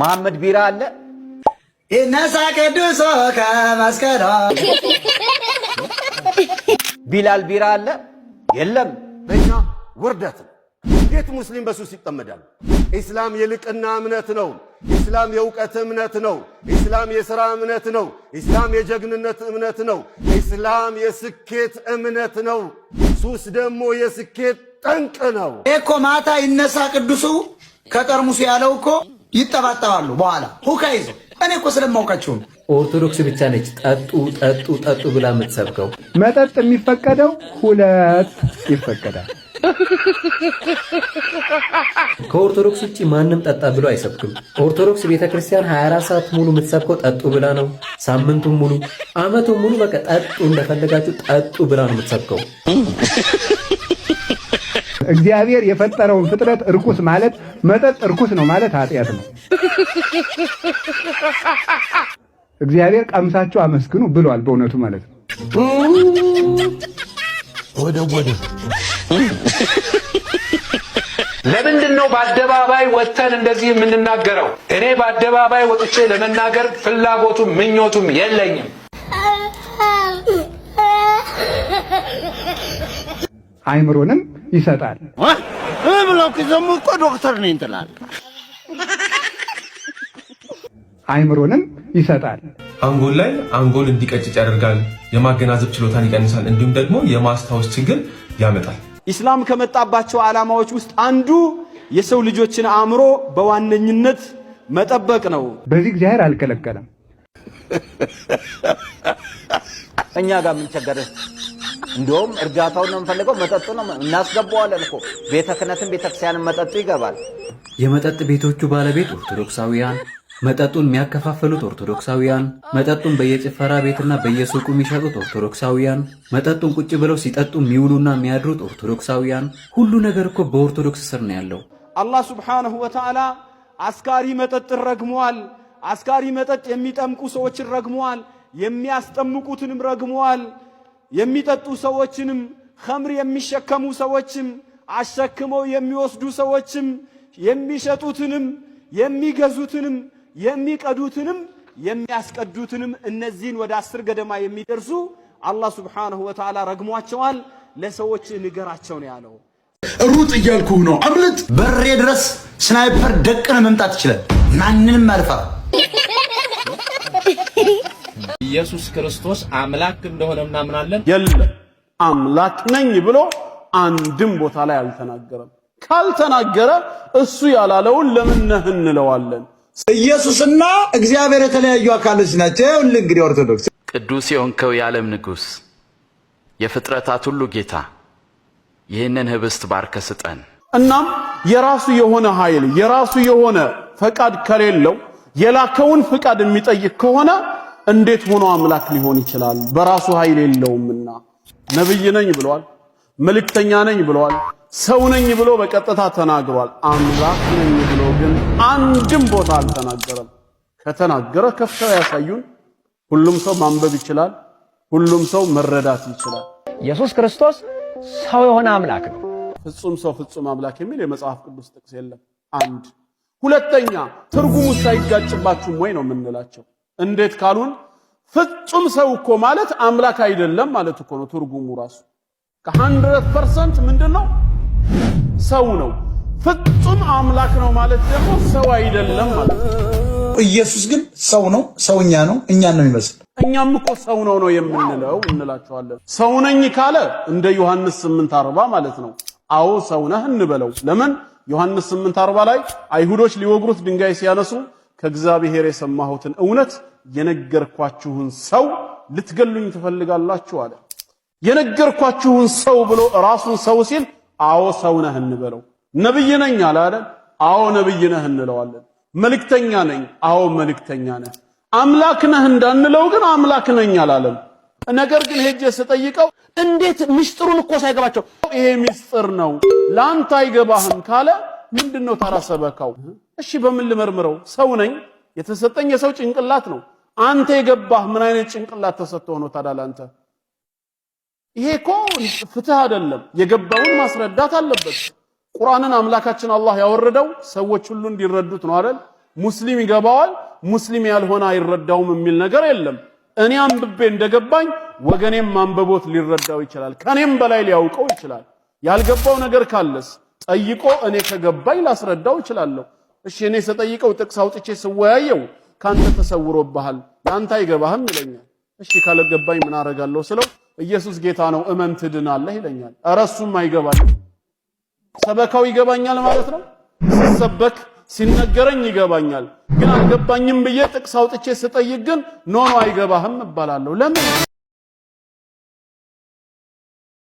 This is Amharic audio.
መሐመድ ቢራ አለ ይነሳ ቅዱሶ ከመስቀል ቢላል ቢራ አለ የለም። በእኛ ውርደት ነው። እንዴት ሙስሊም በሱስ ይጠመዳል? ኢስላም የልቅና እምነት ነው። ኢስላም የእውቀት እምነት ነው። ኢስላም የሥራ እምነት ነው። ኢስላም የጀግንነት እምነት ነው። ኢስላም የስኬት እምነት ነው። ሱስ ደግሞ የስኬት ጠንቅ ነው እኮ። ማታ ይነሳ ቅዱሱ ከጠርሙሱ ያለው እኮ ይጠባጠባሉ። በኋላ ሁካ ይዞ እኔ እኮ ስለማውቃቸው ነው። ኦርቶዶክስ ብቻ ነች ጠጡ ጠጡ ጠጡ ብላ የምትሰብከው። መጠጥ የሚፈቀደው ሁለት ይፈቀዳል። ከኦርቶዶክስ ውጭ ማንም ጠጣ ብሎ አይሰብክም። ኦርቶዶክስ ቤተ ክርስቲያን 24 ሰዓት ሙሉ የምትሰብከው ጠጡ ብላ ነው። ሳምንቱን ሙሉ አመቱን ሙሉ በቃ ጠጡ እንደፈለጋችሁ ጠጡ ብላ ነው የምትሰብከው። እግዚአብሔር የፈጠረውን ፍጥረት እርኩስ ማለት መጠጥ እርኩስ ነው ማለት ኃጢአት ነው። እግዚአብሔር ቀምሳችሁ አመስግኑ ብሏል። በእውነቱ ማለት ነው። ለምንድን ነው በአደባባይ ወጥተን እንደዚህ የምንናገረው? እኔ በአደባባይ ወጥቼ ለመናገር ፍላጎቱም ምኞቱም የለኝም። አይምሮንም ይሰጣል ብለው ደግሞ እኮ ዶክተር ነኝ ትላለህ። አይምሮንም ይሰጣል። አንጎል ላይ አንጎል እንዲቀጭጭ ያደርጋል፣ የማገናዘብ ችሎታን ይቀንሳል፣ እንዲሁም ደግሞ የማስታወስ ችግር ያመጣል። ኢስላም ከመጣባቸው ዓላማዎች ውስጥ አንዱ የሰው ልጆችን አእምሮ በዋነኝነት መጠበቅ ነው። በዚህ እግዚአብሔር አልከለከለም። እኛ ጋር ምን ቸገረ? እንደውም እርጋታውን ነው የምፈልገው። መጠጡ ነው እናስገባዋለን እኮ ቤተ ክህነትን ቤተ ክርስቲያንን መጠጡ ይገባል። የመጠጥ ቤቶቹ ባለቤት ኦርቶዶክሳውያን፣ መጠጡን የሚያከፋፍሉት ኦርቶዶክሳውያን፣ መጠጡን በየጭፈራ ቤትና በየሱቁ የሚሸጡት ኦርቶዶክሳውያን፣ መጠጡን ቁጭ ብለው ሲጠጡ የሚውሉና የሚያድሩት ኦርቶዶክሳውያን። ሁሉ ነገር እኮ በኦርቶዶክስ ስር ነው ያለው። አላህ ሱብሓነሁ ወተዓላ አስካሪ መጠጥ ረግሟል። አስካሪ መጠጥ የሚጠምቁ ሰዎችን ረግሟል። የሚያስጠምቁትንም ረግሟል። የሚጠጡ ሰዎችንም ኸምር የሚሸከሙ ሰዎችም አሸክመው የሚወስዱ ሰዎችም የሚሸጡትንም የሚገዙትንም የሚቀዱትንም የሚያስቀዱትንም እነዚህን ወደ አስር ገደማ የሚደርሱ አላህ ሱብሓነሁ ወተዓላ ረግሟቸዋል። ለሰዎች ንገራቸው ነው ያለው። ሩጥ እያልኩ ነው፣ አምልጥ። በሬ ድረስ ስናይፐር ደቅነ መምጣት ይችላል። ማንንም አልፈራ ኢየሱስ ክርስቶስ አምላክ እንደሆነ እናምናለን። የለም አምላክ ነኝ ብሎ አንድም ቦታ ላይ አልተናገረም። ካልተናገረ እሱ ያላለውን ለምን ነህ እንለዋለን? ኢየሱስና እግዚአብሔር የተለያዩ አካሎች ናቸው። ይኸውልህ እንግዲህ ኦርቶዶክስ ቅዱስ የሆንከው የዓለም ንጉሥ፣ የፍጥረታት ሁሉ ጌታ ይህንን ህብስት ባርከ ስጠን። እናም የራሱ የሆነ ኃይል የራሱ የሆነ ፈቃድ ከሌለው የላከውን ፍቃድ የሚጠይቅ ከሆነ እንዴት ሆኖ አምላክ ሊሆን ይችላል? በራሱ ኃይል የለውምና። ነብይ ነኝ ብሏል፣ መልእክተኛ ነኝ ብሏል፣ ሰው ነኝ ብሎ በቀጥታ ተናግሯል። አምላክ ነኝ ብሎ ግን አንድም ቦታ አልተናገረም። ከተናገረ ከፍተው ያሳዩን። ሁሉም ሰው ማንበብ ይችላል፣ ሁሉም ሰው መረዳት ይችላል። ኢየሱስ ክርስቶስ ሰው የሆነ አምላክ ነው። ፍጹም ሰው ፍጹም አምላክ የሚል የመጽሐፍ ቅዱስ ጥቅስ የለም። አንድ ሁለተኛ ትርጉሙ ሳይጋጭባችሁም ወይ ነው የምንላቸው እንዴት ካሉን ፍጹም ሰው እኮ ማለት አምላክ አይደለም ማለት እኮ ነው ትርጉሙ ራሱ። ከሀንድረድ ፐርሰንት ምንድን ነው ሰው ነው። ፍጹም አምላክ ነው ማለት ደግሞ ሰው አይደለም ማለት ነው። ኢየሱስ ግን ሰው ነው፣ ሰውኛ ነው፣ እኛን ነው የሚመስል። እኛም እኮ ሰው ነው ነው የምንለው እንላቸዋለን። ሰው ነኝ ካለ እንደ ዮሐንስ 8:40 ማለት ነው። አዎ ሰው ነህ እንበለው። ለምን ዮሐንስ 8:40 ላይ አይሁዶች ሊወግሩት ድንጋይ ሲያነሱ ከእግዚአብሔር የሰማሁትን እውነት የነገርኳችሁን ሰው ልትገሉኝ ትፈልጋላችሁ አለ። የነገርኳችሁን ሰው ብሎ ራሱን ሰው ሲል አዎ ሰው ነህ እንበለው። ነብይ ነኝ አለ አይደል? አዎ ነብይ ነህ እንለዋለን። መልክተኛ ነኝ፣ አዎ መልክተኛ ነህ። አምላክ ነህ እንዳንለው ግን አምላክ ነኝ አላለም። ነገር ግን ሄጄ ስጠይቀው እንዴት ምስጢሩን እኮ ሳይገባቸው ይሄ ምስጢር ነው ለአንተ አይገባህም ካለ ምንድነው ታራ ሰበካው? እሺ በምን ልመርምረው? ሰው ነኝ። የተሰጠኝ የሰው ጭንቅላት ነው። አንተ የገባህ ምን አይነት ጭንቅላት ተሰጥቶ ነው ታዲያ ለአንተ? ይሄ እኮ ፍትህ አይደለም። የገባውን ማስረዳት አለበት። ቁርአንን አምላካችን አላህ ያወረደው ሰዎች ሁሉ እንዲረዱት ነው አይደል? ሙስሊም ይገባዋል፣ ሙስሊም ያልሆነ አይረዳውም የሚል ነገር የለም። እኔ አንብቤ እንደገባኝ ወገኔም ማንበቦት ሊረዳው ይችላል፣ ከኔም በላይ ሊያውቀው ይችላል። ያልገባው ነገር ካለስ ጠይቆ እኔ ከገባኝ ላስረዳው እችላለሁ። እሺ እኔ ስጠይቀው ጥቅስ አውጥቼ ስወያየው ካንተ ተሰውሮብሃል ለአንተ አይገባህም ይለኛል። እሺ ካለገባኝ ምን አረጋለሁ ስለው ኢየሱስ ጌታ ነው እመን ትድናለህ ይለኛል። ኧረ እሱም አይገባል። ሰበካው ይገባኛል ማለት ነው። ሲሰበክ ሲነገረኝ ይገባኛል። ግን አልገባኝም ብዬ ጥቅስ አውጥቼ ስጠይቅ ግን ኖ አይገባህም እባላለሁ። ለምን?